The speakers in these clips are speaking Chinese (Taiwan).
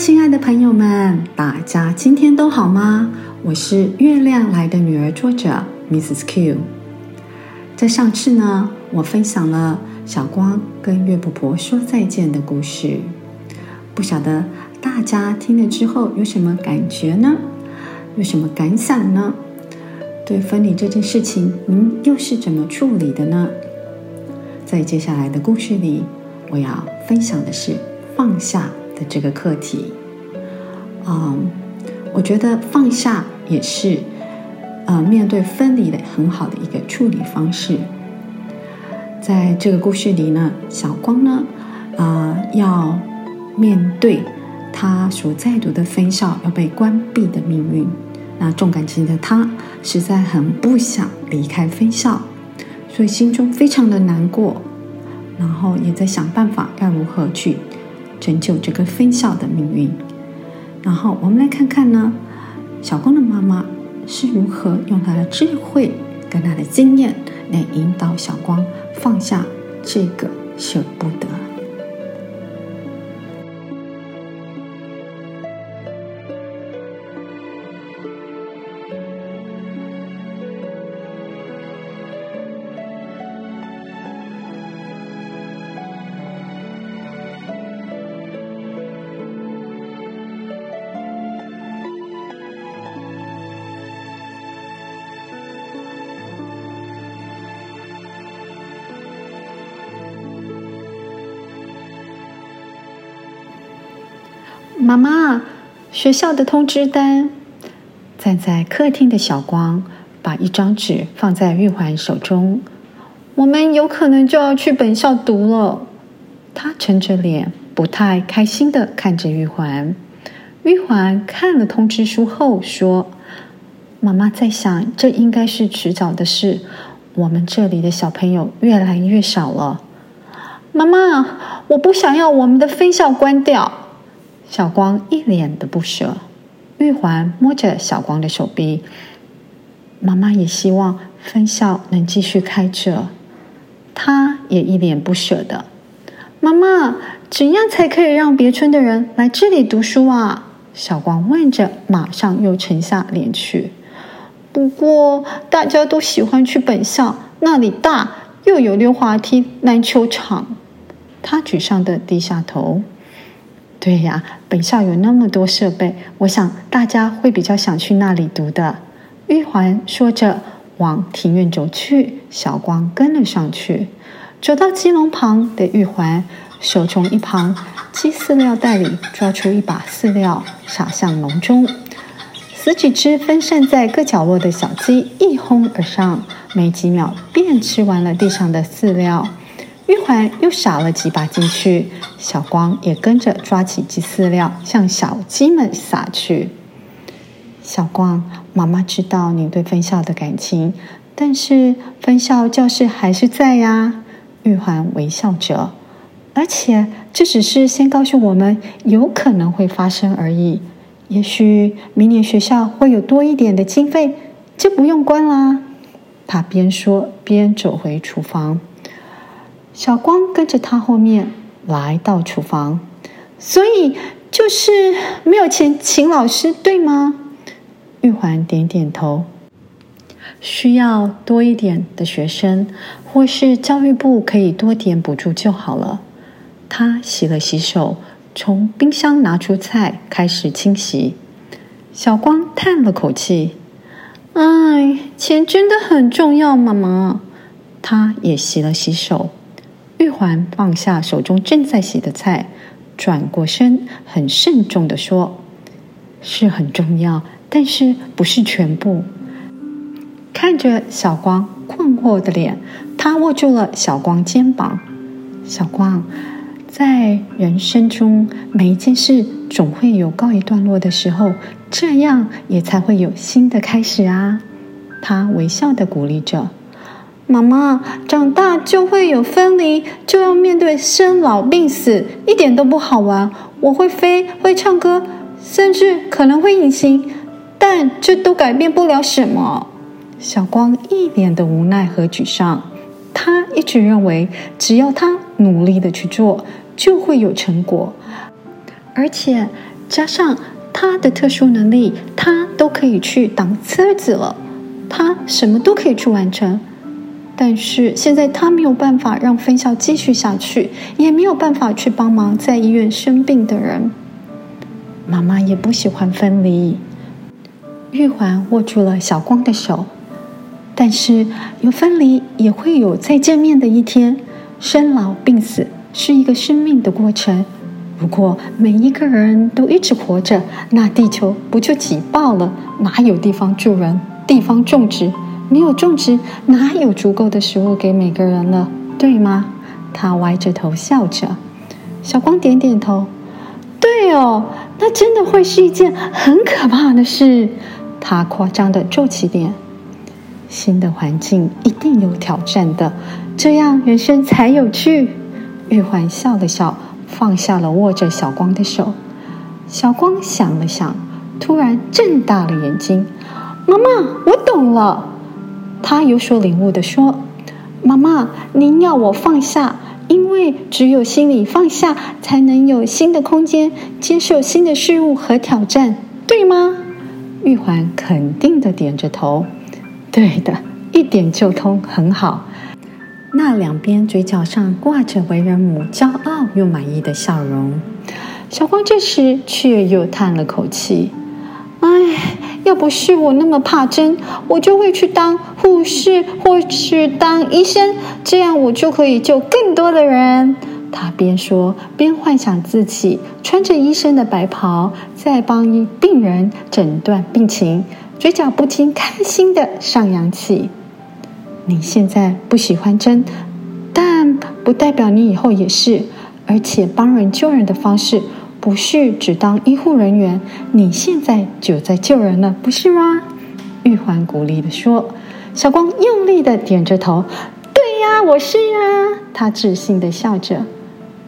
親愛的朋友們，大家今天都好嗎？我是月亮來的女兒，作者 Mrs. Q。在上次呢，我分享了小光跟月婆婆說再見的故事。不曉得大家聽了之後有什麼感覺呢？有什麼感想呢？對分離這件事情，嗯，又是怎麼處理的呢？在接下來的故事裡，我要分享的是放下。的這個課題，嗯，我覺得放下也是，呃，面對分離的很好的一個處理方式。在這個故事裡呢，小光呢，啊、呃，要面對他所在讀的分校要被關閉的命運，那重感情的他實在很不想離開分校，所以心中非常的難過，然後也在想辦法要如何去。拯救這個分校的命運，然後我們來看看呢，小光的媽媽是如何用她的智慧跟她的經驗來引導小光放下這個捨不得。媽媽，學校的通知單。站在客廳的小光把一張紙放在玉環手中。我們有可能就要去本校讀了。她沉着臉，不太開心的看着玉環。玉環看了通知書後說：“媽媽在想，這應該是遲早的事。我們這裡的小朋友越來越少了。”媽媽，我不想要我們的分校關掉。小光一臉的不捨，玉環摸着小光的手臂。媽媽也希望分校能繼續開着，她也一臉不捨的。媽媽，怎樣才可以讓別村的人來這裡讀書啊？小光問着，馬上又沉下臉去。不過大家都喜歡去本校，那裡大，又有溜滑梯、籃球場。她沮喪的低下頭。對呀，本校有那麼多設備，我想大家會比較想去那裡讀的。玉環說着，往庭院走去，小光跟了上去。走到雞籠旁的玉環，手從一旁雞飼料袋裡抓出一把飼料，撒向籠中。十幾隻分散在各角落的小雞一哄而上，沒幾秒便吃完了地上的飼料。玉環又撒了幾把進去，小光也跟着抓起雞雞飼料向小雞們撒去。小光，媽媽知道你對分校的感情，但是分校教室還是在呀。玉環微笑着而且這只是先告訴我們有可能會發生而已。也許明年學校會有多一點的經費，就不用關啦。她邊說邊走回廚房。小光跟着他後面來到廚房，所以就是沒有錢請老師，對嗎？玉環點點頭。需要多一點的學生，或是教育部可以多點補助就好了。他洗了洗手，從冰箱拿出菜開始清洗。小光嘆了口氣：“唉，錢真的很重要，媽媽。”他也洗了洗手。玉環放下手中正在洗的菜，轉過身，很慎重的說：“是很重要，但是不是全部。”看着小光困惑的臉，他握住了小光肩膀。小光，在人生中每一件事總會有告一段落的時候，這樣也才會有新的開始啊！他微笑的鼓勵着。媽媽，長大就會有分離，就要面對生老病死，一點都不好玩。我會飛，會唱歌，甚至可能會隱形，但這都改變不了什麼。小光一臉的無奈和沮喪。他一直認為，只要他努力的去做，就會有成果。而且加上他的特殊能力，他都可以去擋車子了。他什麼都可以去完成。但是現在他沒有辦法讓分校繼續下去，也沒有辦法去幫忙在醫院生病的人。媽媽也不喜歡分離。玉環握住了小光的手。但是有分離也會有再見面的一天。生老病死是一個生命的過程。如果每一個人都一直活着，那地球不就擠爆了？哪有地方住人？地方種植？沒有種植，哪有足夠的食物給每個人呢？對嗎？他歪着頭笑着。小光點點頭，對哦，那真的會是一件很可怕的事。他誇張的皺起臉。新的環境一定有挑戰的，這樣人生才有趣。玉環笑了笑，放下了握着小光的手。小光想了想，突然睜大了眼睛：“媽媽，我懂了。”他有所領悟地說：“媽媽，您要我放下，因為只有心裡放下，才能有新的空間，接受新的事物和挑戰，對嗎？”玉環肯定地點着頭：“對的，一點就通，很好。”那兩邊嘴角上掛着為人母驕傲又滿意的笑容。小光這時卻又嘆了口氣：“唉。”要不是我那麼怕針，我就會去當護士，或是當醫生，這樣我就可以救更多的人。他邊說邊幻想自己穿着醫生的白袍，在幫一病人診斷病情，嘴角不禁開心的上揚起。你現在不喜歡針，但不代表你以後也是，而且幫人救人的方式。不是，只當醫護人員，你現在就在救人了，不是嗎、啊？玉環鼓勵地說。小光用力地點着頭，對呀、啊，我是啊，他自信地笑着。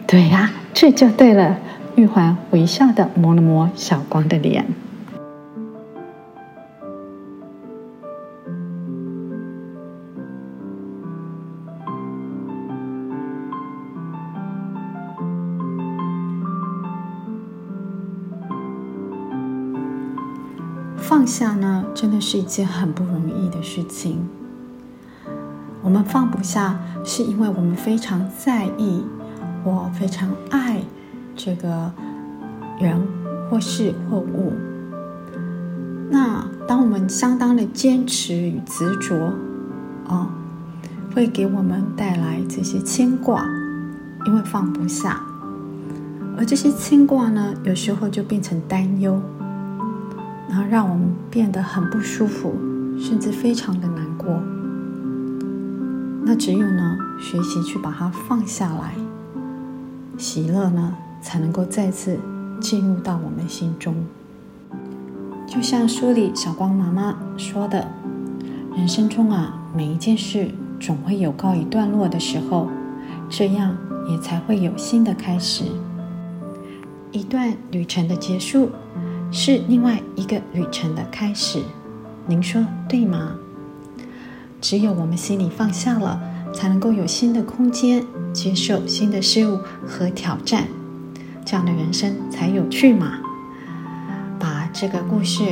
對呀、啊，這就對了。玉環微笑地摸了摸小光的臉。放下呢，真的是一件很不容易的事情。我們放不下，是因為我們非常在意，我非常愛這個人或事或物。那當我們相當的堅持與執着，啊、哦，會給我們帶來這些牽掛，因為放不下。而這些牽掛呢，有時候就變成擔憂。然後讓我們變得很不舒服，甚至非常的難過。那只有呢，學習去把它放下來，喜樂呢，才能夠再次進入到我們心中。就像書裡小光媽媽說的：“人生中啊，每一件事總會有告一段落的時候，這樣也才會有新的開始。一段旅程的結束。”是另外一個旅程的開始，您說對嗎？只有我們心裡放下了，才能夠有新的空間，接受新的事物和挑戰，這樣的人生才有趣嘛。把這個故事，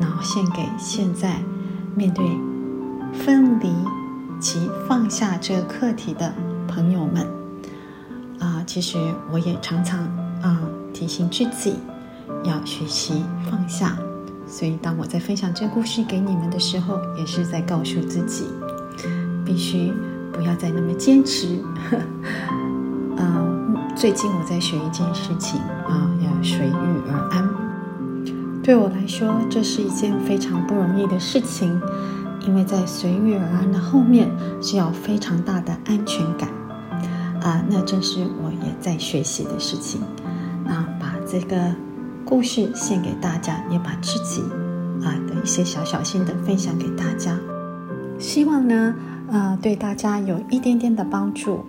然後獻給現在面對分離及放下這個課題的朋友們。啊、呃，其實我也常常啊、嗯、提醒自己。要學習放下，所以當我在分享這個故事給你們的時候，也是在告訴自己，必須不要再那麼堅持。嗯、 呃，最近我在學一件事情啊、呃，要隨遇而安。對我來說，這是一件非常不容易的事情，因為在隨遇而安的後面，需要非常大的安全感。啊、呃，那這是我也在學習的事情。那把這個。故事獻給大家，也把自己，啊的一些小小心得分享給大家。希望呢，啊，呃，對大家有一點點的幫助。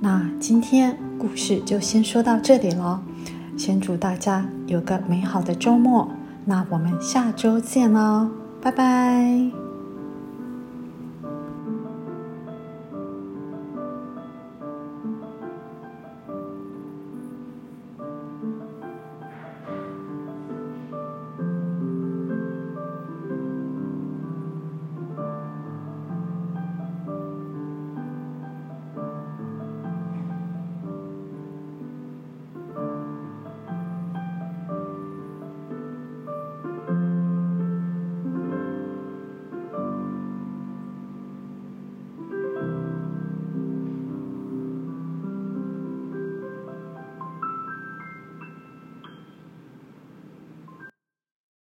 那今天故事就先說到這裡嘍，先祝大家有個美好的週末。那我們下週見嘍，拜拜。